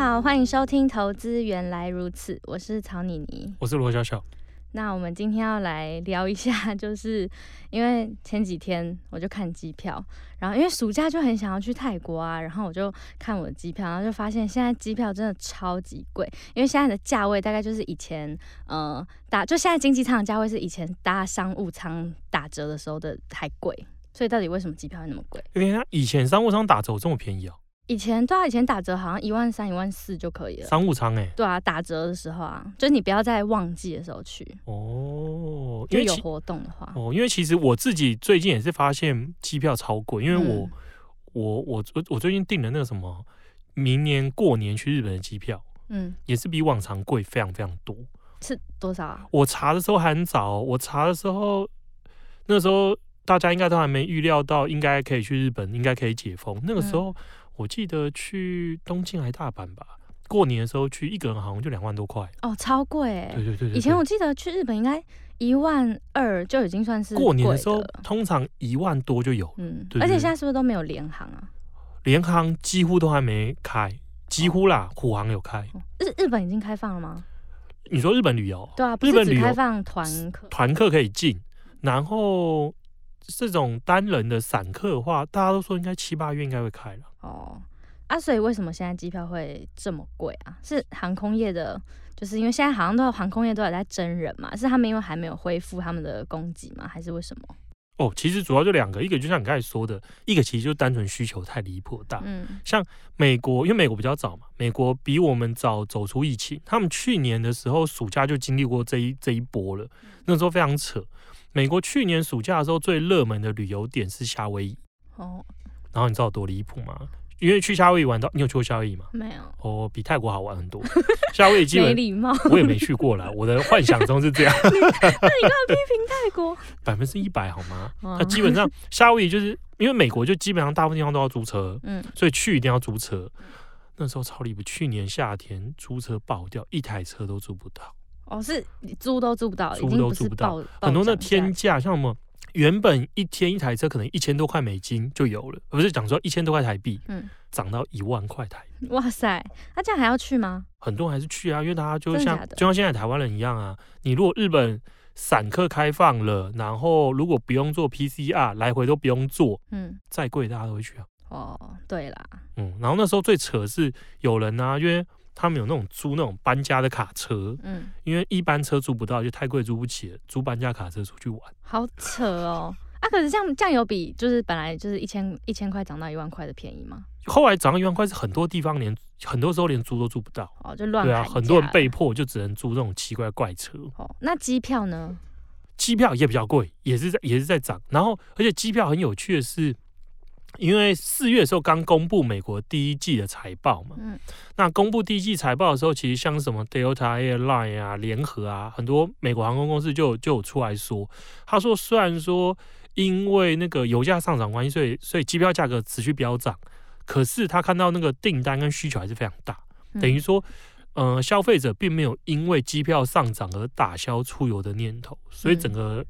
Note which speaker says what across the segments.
Speaker 1: 好，歡迎收聽投《投資原來如此》，我是曹妮妮。
Speaker 2: 我是羅小小。
Speaker 1: 那我們今天要來聊一下，就是因為前幾天我就看機票，然後因為暑假就很想要去泰國啊，然後我就看我的機票，然後就發現現在機票真的超級貴，因為現在的價位大概就是以前呃打，就現在經濟艙的價位是以前搭商務艙打折的時候的太貴，所以到底為什麼機票會那麼貴？
Speaker 2: 對啊，以前商務艙打折這麼便宜啊？
Speaker 1: 以前對啊，以前打折好像一萬三、一萬四就可以了。商務艙哎、欸，對啊，打折的時候啊，就你不要在旺季的時候去哦因，因為有活動的話。
Speaker 2: 哦，因為其實我自己最近也是發現機票超貴，因為我、嗯、我、我、我、最近訂了那個什麼，明年過年去日本的機票，嗯，也是比往常貴非常非常多。
Speaker 1: 是多少
Speaker 2: 啊？我查的時候還很早，我查的時候那時候。大家應該都還沒預料到，應該可以去日本，應該可以解封。那個時候，嗯、我記得去東京還大阪吧，過年的時候去一個人好像就兩萬多塊
Speaker 1: 哦，超貴、欸、對對對，對，對以前我記得去日本應該一萬二就已經算是貴了。過年的時候
Speaker 2: 通常一萬多就有，嗯
Speaker 1: 對對對，而且現在是不是都沒有聯航啊？
Speaker 2: 聯航幾乎都還沒開，幾乎啦，哦、虎航有開。
Speaker 1: 哦、日日本已經開放了
Speaker 2: 嗎？你說日本旅遊？對啊，日本旅遊開放團客，團客可以進，然後。這種單人的散客的話，大家都說應該七八月應該會開了。哦，
Speaker 1: 啊，所以為什麼現在機票會這麼貴啊？是航空業的，就是因為現在好像都有航空業都還在徵人嘛，是他們因為還沒有恢復他們的供給嗎？還是為什麼？
Speaker 2: 哦，其實主要就兩個，一個就像你剛才說的，一個其實就單純需求太離譜大。嗯。像美國，因為美國比較早嘛，美國比我們早走出疫情，他們去年的時候暑假就經歷過這一這一波了，嗯，那時候非常扯。美國去年暑假的時候，最熱門的旅遊點是夏威夷、oh. 然後你知道多離譜嗎？因為去夏威夷玩到，你有去過夏威夷嗎？沒有。哦、oh,，比泰國好玩很多。夏威夷基本 沒禮貌，我也沒去過啦，我的幻想中是這樣。 你那你剛剛批評泰國？百分之一百好嗎？
Speaker 3: 它、oh. 基本上
Speaker 2: 夏威夷就是因為美國就基本上大部分地方都要租車， 所以去一定要租車。那時候超離譜，去年夏天租車爆掉，一台車都租不到。
Speaker 1: 哦，是租都租不到，租都租不到。都租不到，很多那
Speaker 2: 天價，像什麼原本一天一台車可能一千多塊美金就有了，不是講說一千多塊台幣，嗯，漲到一萬塊台
Speaker 1: 幣。哇塞，那、啊、這樣還要去嗎？
Speaker 2: 很多人還是去啊，因為大家就像就像現在台灣人一樣啊，你如果日本散客開放了，然後如果不用做 PCR，來回都不用做，嗯，再貴大家都會去啊。哦，
Speaker 1: 對啦，
Speaker 2: 嗯，然後那時候最扯是有人啊，因為。他們有那種租那種搬家的卡車，嗯，因為一般車租不到，就太貴租不起，租搬家卡車出去玩。
Speaker 1: 好扯哦，啊，可是像醬油比就是本來就是一千一千塊漲到一萬塊的便宜嗎？
Speaker 2: 後來漲到一萬塊是很多地方連很多時候連租都租，都租不到哦，就亂。對啊，很多人被迫就只能租這種奇怪怪車。哦，
Speaker 1: 那機票呢？
Speaker 2: 機票也比較貴，也是在也是在漲，然後而且機票很有趣的是。因為四月的時候剛公布美國第一季的財報嘛、嗯，那公布第一季財報的時候，其實像什麼 Delta Airline 啊、聯合啊，很多美國航空公司就就有出來說，他說雖然說因為那個油價上漲關係，所以所以機票價格持續飆漲，可是他看到那個訂單跟需求還是非常大，嗯、等於說，呃，消費者並沒有因為機票上漲而打消出遊的念頭，所以整個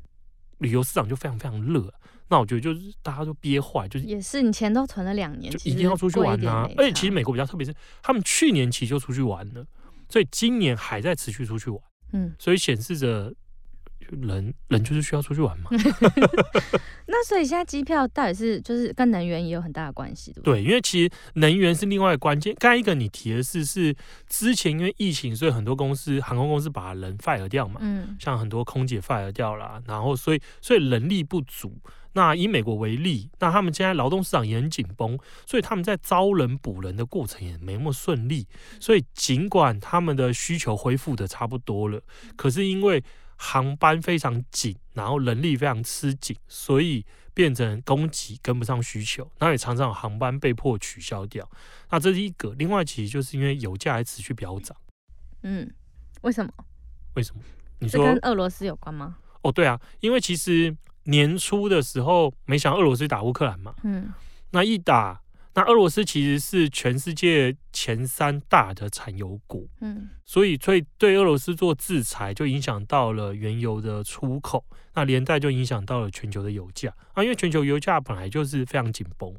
Speaker 2: 旅遊市場就非常非常熱、啊。那我覺得就是大家都憋壞，就是也
Speaker 1: 是你錢都存了兩年，就一定要出去玩啊！
Speaker 2: 而且其實美國比較特別，是他們去年期就出去玩了，所以今年還在持續出去玩，嗯，所以顯示着人人就是需要出去玩嘛、嗯。
Speaker 1: 嗯、 那所以現在機票到底是就是跟能源也有很大的關係，對不
Speaker 2: 對，對？因為其實能源是另外關鍵。剛才一個你提的是，是之前因為疫情，所以很多公司、航空公司把人 fire 掉嘛，嗯，像很多空姐 fire 掉啦，然後所以所以人力不足。那以美國為例，那他們現在勞動市場也很緊繃，所以他們在招人補人的過程也沒那麼順利。所以儘管他們的需求恢復的差不多了，可是因為航班非常緊，然後人力非常吃緊，所以變成供給跟不上需求，那也常常有航班被迫取消掉。那這是一個，另外其實就是因為油價還持續飆漲。
Speaker 1: 嗯，為什麼？
Speaker 2: 為什麼？你說這跟俄
Speaker 1: 羅斯有關嗎？
Speaker 2: 哦，對啊，因為其實。年初的時候，沒想到俄羅斯打烏克蘭嘛、
Speaker 3: 嗯，
Speaker 2: 那一打，那俄羅斯其實是全世界前三大的產油國，嗯，所以所以對俄羅斯做制裁，就影響到了原油的出口，那連帶就影響到了全球的油價啊，因為全球油價本來就是非常緊繃，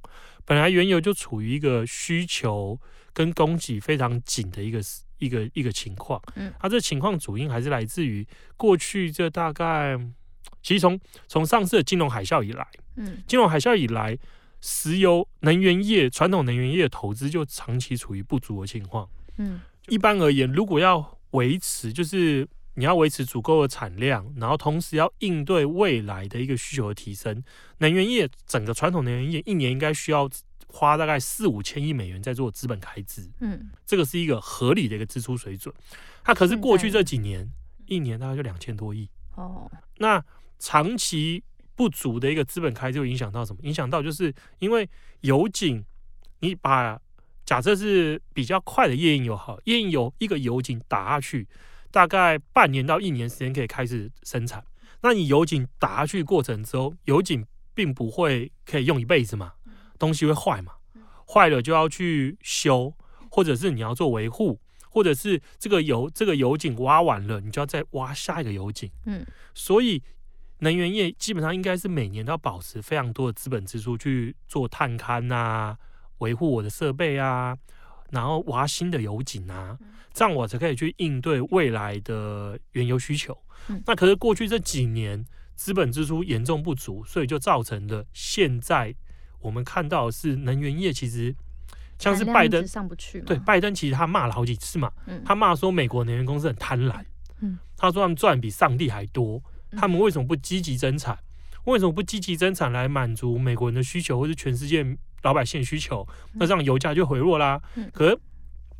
Speaker 2: 本來原油就處於一個需求跟供給非常緊的一個一個一個情況，嗯、啊，它這情況主因還是來自於過去這大概。其實從從上市的金融海嘯以來、嗯，金融海嘯以來，石油能源業傳統能源業的投資就長期處於不足的情況、嗯。一般而言，如果要維持，就是你要維持足夠的產量，然後同時要應對未來的一個需求的提升，能源業整個傳統能源業一年應該需要花大概四五千億美元在做資本開支。
Speaker 3: 嗯，
Speaker 2: 這個是一個合理的一個支出水準。它可是過去這幾年、嗯、一年大概就兩千多億。哦，那長期不足的一個資本開支會影響到什麼？影響到就是因為油井，你把假設是比較快的頁岩油，好，頁岩油一個油井打下去，大概半年到一年時間可以開始生產。那你油井打下去過程之後，油井並不會可以用一輩子嘛，東西會壞嘛，壞了就要去修，或者是你要做維護。或者是這個油這個油井挖完了，你就要再挖下一個油井。嗯，所以能源業基本上應該是每年都要保持非常多的資本支出去做探勘啊，維護我的設備啊，然後挖新的油井啊、嗯，這樣我才可以去應對未來的原油需求。嗯、那可是過去這幾年資本支出嚴重不足，所以就造成了現在我們看到的是能源業其實。像是拜登上
Speaker 1: 不
Speaker 3: 去，對
Speaker 2: 拜登其實他罵了好幾次嘛，嗯、他罵說美國能源公司很貪婪、嗯，他說他們賺比上帝還多、嗯，他們為什麼不積極增產、嗯？為什麼不積極增產來滿足美國人的需求或是全世界老百姓需求、嗯？那這樣油價就回落啦。嗯、可是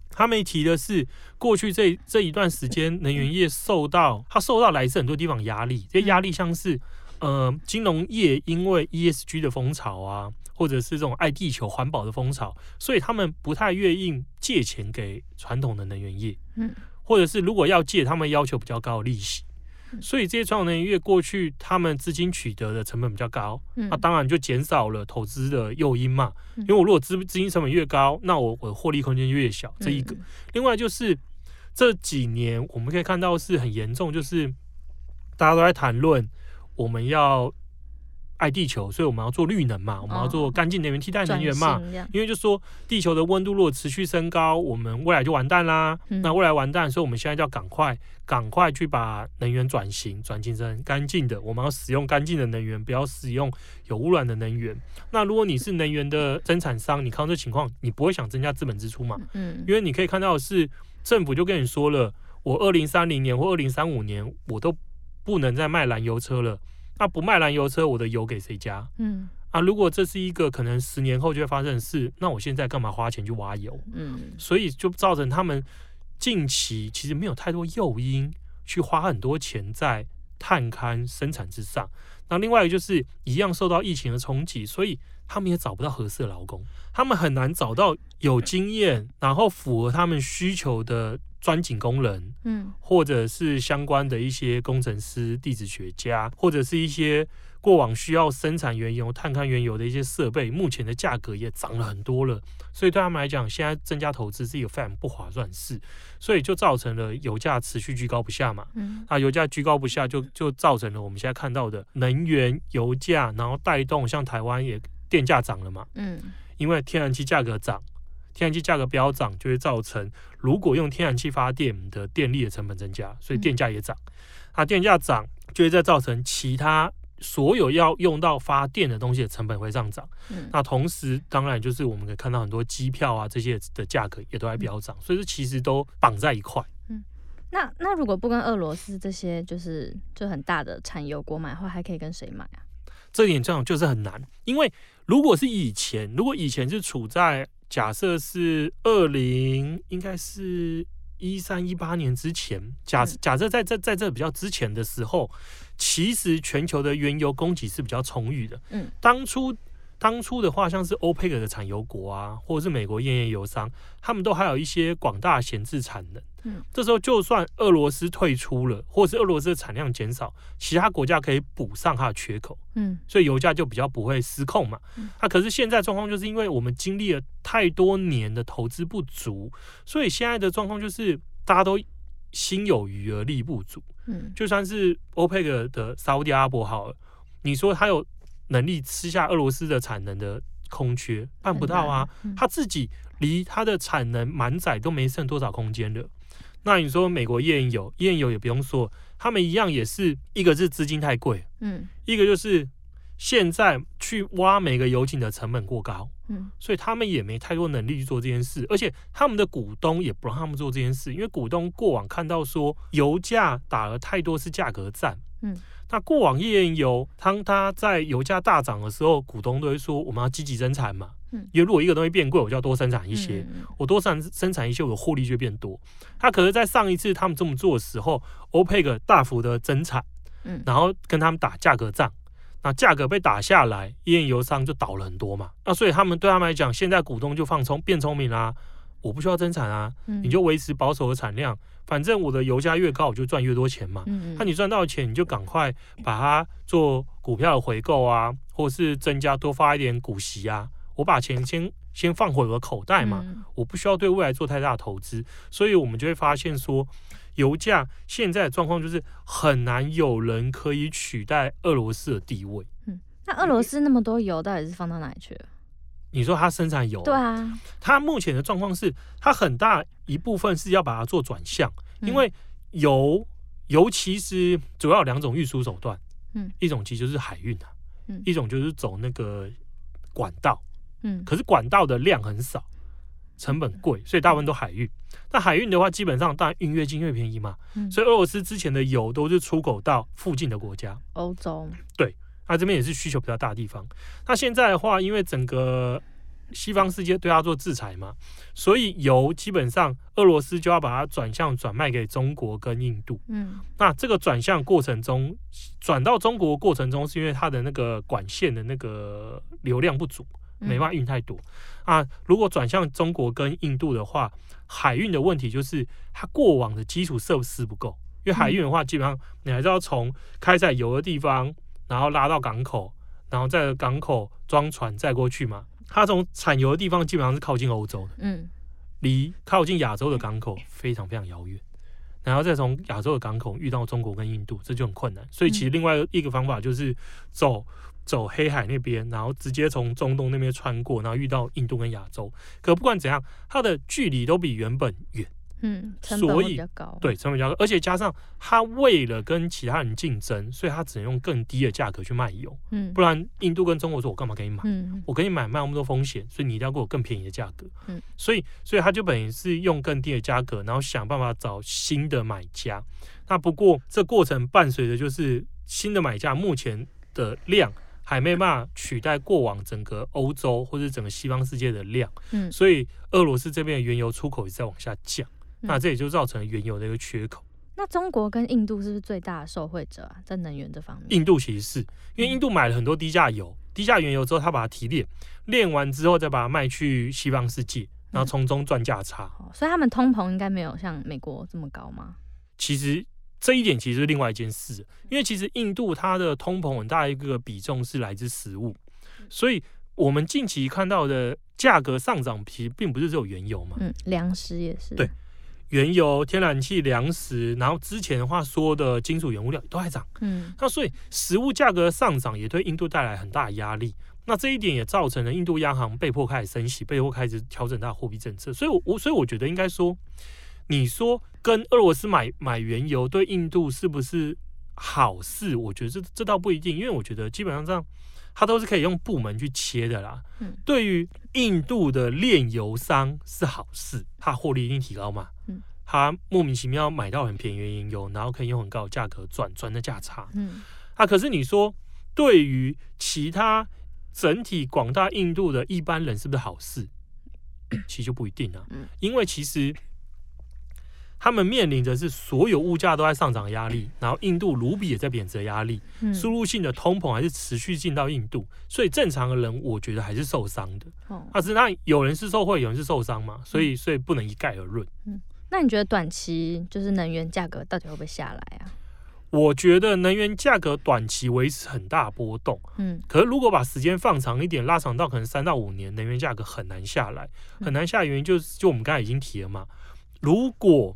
Speaker 2: 他沒提的是，過去這一這一段時間，能源業受到他、嗯、受到來自很多地方壓力，這壓力像是。呃，金融業因為 ESG 的風潮啊，或者是這種愛地球環保的風潮，所以他們不太願意借錢給傳統的能源業。嗯，或者是如果要借，他們要求比較高的利息。所以這些傳統能源業過去，他們資金取得的成本比較高，那、嗯啊、當然就減少了投資的誘因嘛。因為我如果資資金成本越高，那我我獲利空間越小。這一個，嗯、另外就是這幾年我們可以看到是很嚴重，就是大家都在談論。我們要愛地球，所以我們要做綠能嘛，我們要做乾淨能源，哦、替代能源嘛。因為就是說地球的溫度如果持續升高，我們未來就完蛋啦。嗯、那未來完蛋，所以我們現在就要趕快、趕快去把能源轉型、轉型成乾淨的。我們要使用乾淨的能源，不要使用有污染的能源。那如果你是能源的生產商，嗯、你看到這情況，你不會想增加資本支出嘛？嗯、因為你可以看到的是政府就跟你說了，我二零三零年或二零三五年我都不能再賣燃油車了，那不賣燃油車，我的油給誰加？嗯，啊，如果這是一個可能十年後就會發生的事，那我現在幹嘛花錢去挖油？嗯，所以就造成他們近期其實沒有太多誘因去花很多錢在探勘生產之上。那另外一個就是一樣受到疫情的衝擊，所以他們也找不到合適的勞工，他們很難找到有經驗然後符合他們需求的。鑽井工人，嗯，或者是相關的一些工程師、嗯、地質學家，或者是一些過往需要生產原油、探勘原油的一些設備，目前的價格也漲了很多了。所以對他們來講，現在增加投資是一個非常不划算的事，所以就造成了油價持續居高不下嘛。嗯，那油價居高不下就，就就造成了我們現在看到的能源油價，然後帶動像台灣也電價漲了嘛。嗯，因為天然氣價格漲。天然氣價格飆漲，就會造成如果用天然氣發電的電力的成本增加，所以電價也漲。那電價漲，就會再造成其他所有要用到發電的東西的成本會上漲。嗯。那同時，當然就是我們可以看到很多機票啊這些的價格也都還飆漲，嗯，所以這其實都綁在一塊。嗯，
Speaker 1: 那那如果不跟俄羅斯這些就是就很大的產油國買的話，還可以跟誰買啊？
Speaker 2: 這點這樣就是很難，因為如果是以前，如果以前是處在假設是二零，應該是一三一八年之前，假假設在在在這比較之前的時候，其實全球的原油供給是比較充裕的。嗯，當初當初的話，像是歐佩克的產油國啊，或者是美國頁岩油商，他們都還有一些廣大閒置產能。嗯、這時候，就算俄羅斯退出了，或者是俄羅斯的產量減少，其他國家可以補上它的缺口，嗯，所以油價就比較不會失控嘛。嗯、啊，可是現在狀況就是，因為我們經歷了太多年的投資不足，所以現在的狀況就是大家都心有餘而力不足，嗯，就算是歐佩克的沙烏地阿拉伯好，你說他有能力吃下俄羅斯的產能的空缺，辦不到啊，嗯嗯、他自己離他的產能滿載都沒剩多少空間了。那你說美國頁岩油，頁岩油也不用說，他們一樣也是，一個是資金太貴，
Speaker 3: 嗯，
Speaker 2: 一個就是。現在去挖每個油井的成本過高、嗯，所以他們也沒太多能力去做這件事，而且他們的股東也不讓他們做這件事，因為股東過往看到說油價打了太多次價格戰、嗯，那過往頁岩油，當它在油價大漲的時候，股東都會說我們要積極增產嘛、嗯，因為如果一個東西變貴，我就要多生產一些，嗯、我多生產生產一些，我的獲利就變多。他可是，在上一次他們這麼做的時候，歐佩克大幅的增產，然後跟他們打價格戰。嗯嗯那價格被打下來，頁岩油商就倒了很多嘛。那所以他們對他們來講，現在股東就放聰變聰明啦、啊，我不需要增產啊，嗯、你就維持保守的產量，反正我的油價越高，我就賺越多錢嘛。嗯嗯，那你賺到錢，你就趕快把它做股票的回購啊，或是增加多發一點股息啊，我把錢先先放回我的口袋嘛嗯嗯，我不需要對未來做太大的投資。所以我們就會發現說。油價現在的狀況就是很難有人可以取代俄羅斯的地位。
Speaker 1: 嗯，那俄羅斯那麼多油到底是放到哪裡去了？
Speaker 2: 你說它生產油啊，對啊，它目前的狀況是它很大一部分是要把它做轉向，因為油油，嗯，其實主要有兩種運輸手段，嗯，一種其實就是海運啊，嗯，一種就是走那個管道，嗯，可是管道的量很少。成本貴，所以大部分都海運。那海運的話，基本上當然運越近越便宜嘛。嗯。所以俄羅斯之前的油都是出口到附近的國家，歐洲。對，那這邊也是需求比較大的地方。那現在的話，因為整個西方世界對它做制裁嘛，所以油基本上俄羅斯就要把它轉向轉賣給中國跟印度。
Speaker 3: 嗯。
Speaker 2: 那這個轉向過程中，轉到中國過程中，是因為它的那個管線的那個流量不足。沒辦法運太多啊！如果轉向中國跟印度的話，海運的問題就是它過往的基礎設施不夠。因為海運的話，基本上你還是要從開採油的地方，然後拉到港口，然後在港口裝船再過去嘛。它從產油的地方基本上是靠近歐洲的，嗯，離靠近亞洲的港口非常非常遙遠，然後再從亞洲的港口運到中國跟印度，這就很困難。所以其實另外一個方法就是走。走黑海那邊，然後直接從中東那邊穿過，然後遇到印度跟亞洲。可不管怎樣，它的距離都比原本遠，嗯，所以對成本比較高，而且加上他為了跟其他人競爭，所以他只能用更低的價格去賣油，嗯，不然印度跟中國說，我幹嘛給你買？嗯，嗯，我給你買賣那麼多風險，所以你一定要給我更便宜的價格，嗯，所以所以他就等於是用更低的價格，然後想辦法找新的買家。那不過這過程伴隨着就是新的買家目前的量。海面嘛，取代過往整個歐洲或是整個西方世界的量，嗯，所以俄羅斯這邊的原油出口也在往下降，嗯，那這也就造成原油的一個缺口。
Speaker 1: 那中國跟印度是不是最大的受惠者啊？在能源這方面，印
Speaker 2: 度其實是，因為印度買了很多低價油，低價原油之後他把它提煉，煉完之後再把它賣去西方世界，然後從中賺價差，嗯哦。
Speaker 1: 所以他們通膨應該沒有像美國這麼高嗎？
Speaker 2: 其實。這一點其實是另外一件事，因為其實印度它的通膨很大一個比重是來自食物，所以我們近期看到的價格上漲其實並不是只有原油嘛，
Speaker 3: 嗯，
Speaker 1: 糧食也是，對，
Speaker 2: 原油、天然氣、糧食，然後之前的話說的金屬原物料都還漲，嗯，那所以食物價格上漲也對印度帶來很大的壓力，那這一點也造成了印度央行被迫開始升息，被迫開始調整它的貨幣政策，所以，我，所以我覺得應該說。你說跟俄羅斯買買原油對印度是不是好事？我覺得這這倒不一定，因為我覺得基本上這樣，它都是可以用部門去切的啦。嗯、對於印度的煉油商是好事，它獲利一定提高嘛。他、嗯、它莫名其妙買到很便宜原油，然後可以用很高的價格賺賺的價差、
Speaker 3: 嗯。
Speaker 2: 啊，可是你說對於其他整體廣大印度的一般人是不是好事、嗯？其實就不一定啊、嗯。因為其實。他們面臨的是所有物價都在上漲壓力，然後印度盧比也在貶值壓力，輸、嗯、入性的通膨還是持續進到印度，所以正常的人我覺得還是受傷的。哦，但是那有人是受惠，有人是受傷嘛，所以所以不能一概而論。
Speaker 1: 嗯，那你覺得短期就是能源價格到底會不會下來啊？
Speaker 2: 我覺得能源價格短期維持很大波動。嗯，可是如果把時間放長一點，拉長到可能三到五年，能源價格很難下來，很難下原因就是就我們剛才已經提了嘛，如果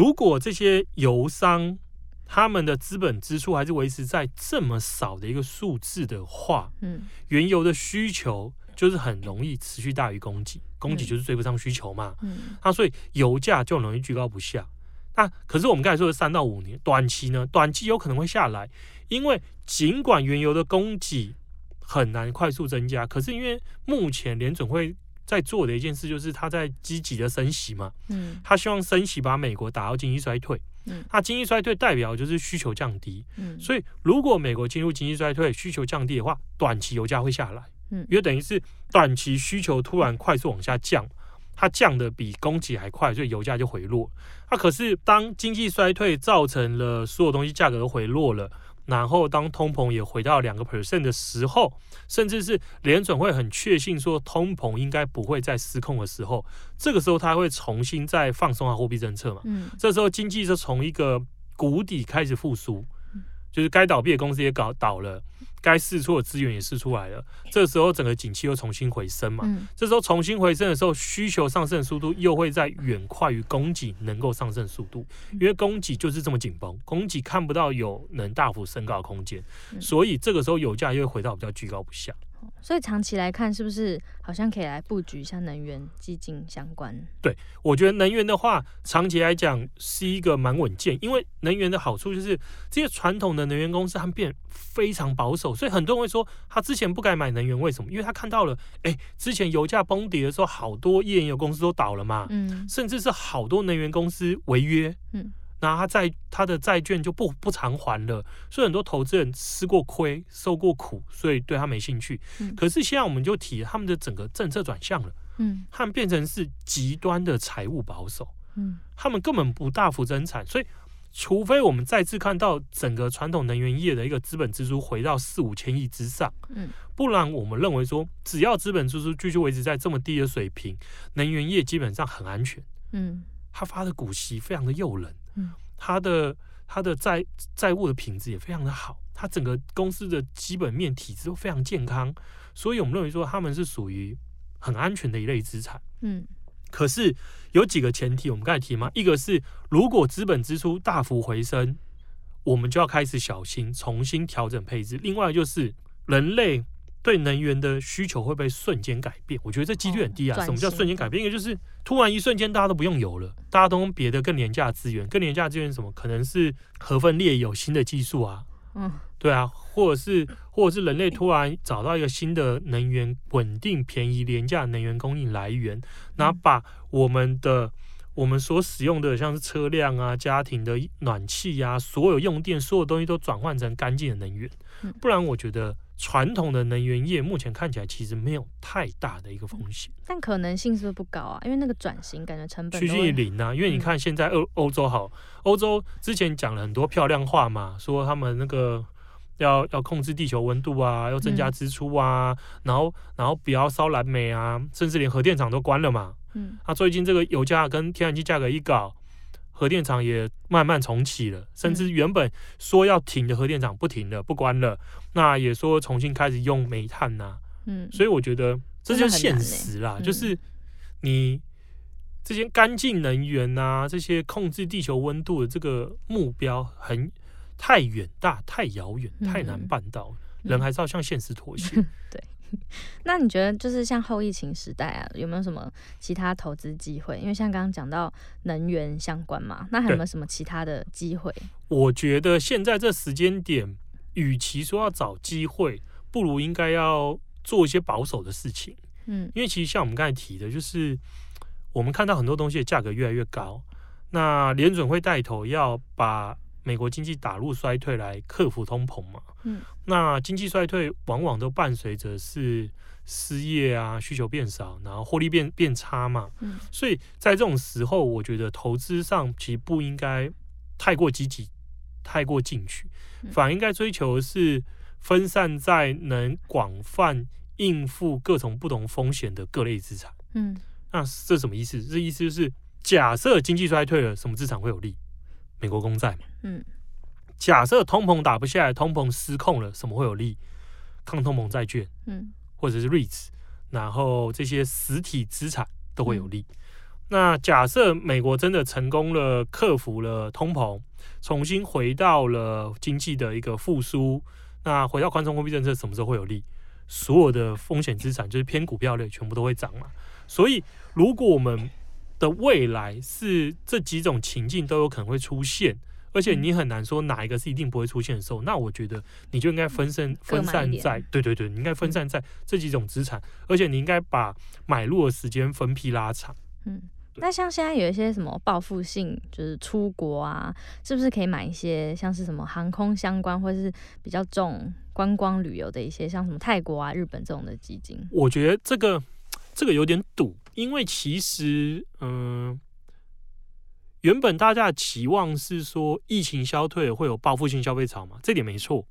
Speaker 2: 如果這些油商他們的資本支出還是維持在這麼少的一個數字的話，嗯，原油的需求就是很容易持續大於供給，供給就是追不上需求嘛，嗯，那所以油價就容易居高不下。那可是我們剛才說的三到五年，短期呢，短期有可能會下來，因為儘管原油的供給很難快速增加，可是因為目前聯準會。在做的一件事，就是他在積極的升息嘛，嗯，他希望升息把美國打到經濟衰退，嗯，那經濟衰退代表就是需求降低，嗯，所以如果美國進入經濟衰退，需求降低的話，短期油價會下來，嗯，約等於是短期需求突然快速往下降，它降得比供給還快，所以油價就回落啊。那可是當經濟衰退造成了所有東西價格都回落了。然後，當通膨也回到兩個 percent 的時候，甚至是聯準會很確信說通膨應該不會再失控的時候，這個時候它會重新再放鬆下貨幣政策嘛。嗯，這時候經濟是從一個谷底開始復甦。就是該倒閉的公司也搞倒了，該試錯的資源也試出來了，這時候整個景氣又重新回升嘛。嗯、這時候重新回升的時候，需求上升的速度又會再遠快於供給能夠上升的速度，因為供給就是這麼緊繃，供給看不到有能大幅升高的空間，所以這個時候油價又會回到比較居高不下。
Speaker 1: 所以長期來看，是不是好像可以來布局一下能源基金相關？
Speaker 2: 對，我覺得能源的話，長期來講是一個蠻穩健，因為能源的好處就是這些傳統的能源公司，他們變非常保守，所以很多人會說他之前不該買能源，為什麼？因為他看到了，誒、欸，之前油價崩跌的時候，好多頁岩油公司都倒了嘛，嗯，甚至是好多能源公司違約，嗯。那他債他的債券就不不償還了，所以很多投資人吃過虧、受過苦，所以對他沒興趣。嗯、可是現在我們就提他們的整個政策轉向
Speaker 3: 了、嗯，
Speaker 2: 他們變成是極端的財務保守、嗯，他們根本不大幅增產，所以除非我們再次看到整個傳統能源業的一個資本支出回到四五千億之上，嗯、不然我們認為說，只要資本支出繼續，續維持在這麼低的水平，能源業基本上很安全，嗯，他發的股息非常的誘人。嗯，他的他的債債務的品質也非常的好，他整個公司的基本面體質都非常健康，所以我們認為說他們是屬於很安全的一類資產。嗯，可是有幾個前提，我們剛才提了嗎？一個是如果資本支出大幅回升，我們就要開始小心重新調整配置，另外就是人類。對能源的需求會被瞬間改變，我覺得這幾率很低啊。哦、什麼叫瞬間改變？一個就是突然一瞬間大家都不用油了，大家都用別的更廉價的資源，更廉價資源是什麼？可能是核分裂有新的技術啊，嗯，對啊，或者是或者是人類突然找到一個新的能源，穩定、便宜、廉價能源供應來源，那把我們的、嗯、我們所使用的，像是車輛啊、家庭的暖氣呀、啊、所有用電、所有東西都轉換成乾淨的能源、嗯。不然我覺得。傳統的能源業目前看起來其實沒有太大的一個風險，嗯，
Speaker 1: 但可能性是不、是不高啊，因為那個轉型感覺成本趨近於
Speaker 2: 零啊。因為你看現在歐歐洲好，歐、嗯、歐洲之前講了很多漂亮話嘛，說他們那個要要控制地球溫度啊，要增加支出啊，嗯、然後然後不要燒燃煤啊，甚至連核電廠都關了嘛。嗯，啊、最近這個油價跟天然氣價格一高，核電廠也慢慢重啟了，甚至原本說要停的核電廠不停了，不關了。那也說重新開始用煤炭吶、啊。嗯，所以我覺得這就是現實啦，欸嗯、就是你這些乾淨能源啊，這些控制地球溫度的這個目標很太遠大、太遙遠、太難辦到，嗯嗯人還是要向現實妥協。呵呵、對。
Speaker 1: 那你覺得就是像後疫情時代啊，有沒有什麼其他投資機會？因為像剛剛講到能源相關嘛，那還有沒有什麼其他的機會？
Speaker 2: 我覺得現在這時間點，與其說要找機會，不如應該要做一些保守的事情。嗯，因為其實像我們剛才提的就是，我們看到很多東西的價格越來越高，那聯準會帶頭要把。美國經濟打入衰退來克服通膨嘛？嗯，那經濟衰退往往都伴隨着是失業啊、需求變少，然後獲利變變差嘛。嗯，所以在這種時候，我覺得投資上其實不應該太過積極、太過進取、
Speaker 3: 嗯，反而應
Speaker 2: 該追求是分散在能廣泛應付各種不同風險的各類資產。嗯，那這什麼意思？這意思就是假設經濟衰退了，什麼資產會有利？美國公債，嗯，假設通膨打不下來，通膨失控了，什麼會有利？抗通膨債券，嗯，或者是 REITs，然後這些實體資產都會有利。嗯，那假設美國真的成功了，克服了通膨，重新回到了經濟的一個復甦，那回到寬鬆貨幣政策，什麼時候會有利？所有的風險資產，就是偏股票類，全部都會漲嘛。所以如果我們的未來是這幾種情境都有可能會出現，而且你很難說哪一個是一定不會出現的時候，那我覺得你就應該分散分散在。對對對，你應該分散在這幾種資產，嗯，而且你應該把買入的時間分批拉長。
Speaker 1: 嗯，那像現在有一些什麼報復性，就是出國啊，是不是可以買一些像是什麼航空相關或者是比較重觀光旅遊的一些，像什麼泰國啊、日本這種的基金？
Speaker 2: 我覺得這個。這個有點賭，因為其實，嗯、呃，原本大家的期望是說疫情消退會有報復性消費潮嘛，這點沒錯。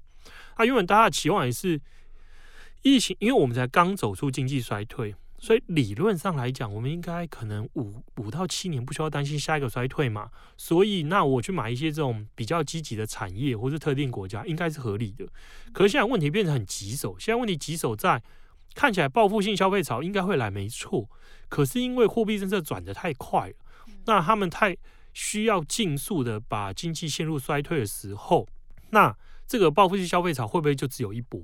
Speaker 2: 啊，原本大家的期望也是疫情，因為我們才剛走出經濟衰退，所以理論上來講，我們應該可能五五到七年不需要擔心下一個衰退嘛。所以，那我去買一些這種比較積極的產業，或是特定國家，應該是合理的。可是現在問題變得很棘手，現在問題棘手在。看起來報復性消費潮應該會來，沒錯。可是因為貨幣政策轉的太快了，那他們太需要盡速的把經濟陷入衰退的時候，那這個報復性消費潮會不會就只有一波？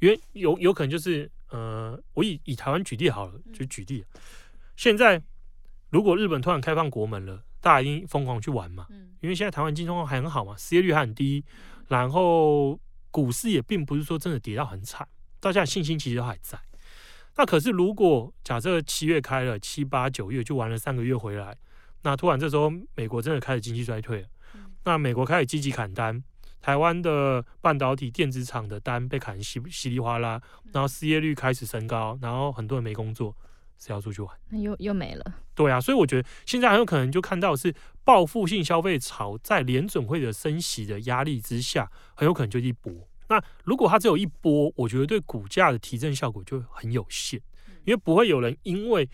Speaker 2: 因為有有，有可能就是，呃，我以以台灣舉例好了，就舉例。現在如果日本突然開放國門了，大家已經瘋狂去玩嘛，因為現在台灣經濟狀況還很好嘛，失業率還很低，然後股市也並不是說真的跌到很慘。大家信心其實都還在，那可是如果假設七月開了，七八九月就玩了三個月回來，那突然這時候美國真的開始經濟衰退了，嗯，那美國開始積極砍單，台灣的半導體電子廠的單被砍得稀稀里嘩啦，然後失業率開始升高，然後很多人沒工作，誰要出去玩？
Speaker 1: 那又又沒了。
Speaker 2: 對啊，所以我覺得現在很有可能就看到是報復性消費潮，在聯準會的升息的壓力之下，很有可能就一波。那如果它只有一波，我覺得對股價的提振效果就很有限，因為不會有人因為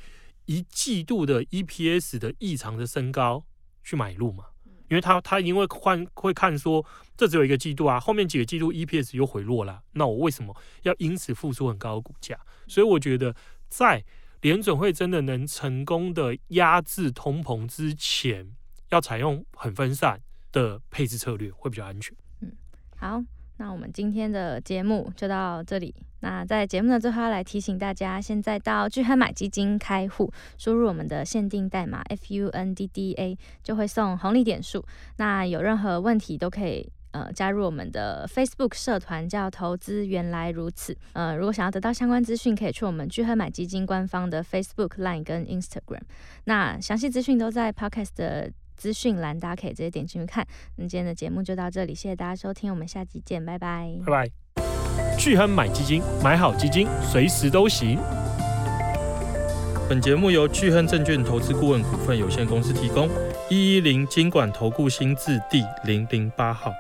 Speaker 2: 一季度的 EPS 的異常的升高去買入嘛。因為他他因為換會看說這只有一個季度啊，後面幾個季度 EPS 又回落了啊，那我為什麼要因此付出很高的股價？所以我覺得在聯準會真的能成功的壓制通膨之前，要採用很分散的配置策略會比較安全。
Speaker 1: 嗯，好。那我們今天的節目就到這裡。那在節目的最後，要來提醒大家，現在到鉅亨買基金開戶，輸入我們的限定代碼 F U N D D A 就會送紅利點數。那有任何問題都可以呃加入我們的 Facebook 社團，叫投資原來如此。呃，如果想要得到相關資訊，可以去我們鉅亨買基金官方的 Facebook Line 跟 Instagram。那詳細資訊都在 Podcast。資訊欄大家可以直接點進去看。那今天的節目就到這裡，謝謝大家收聽，我們下期見，拜拜。
Speaker 2: 拜拜。钜亨買基金，買好基金，隨時都行。本節目由鉅亨證券投資顧問股份有限公司提供，一一零金管投顧新字第零零八號。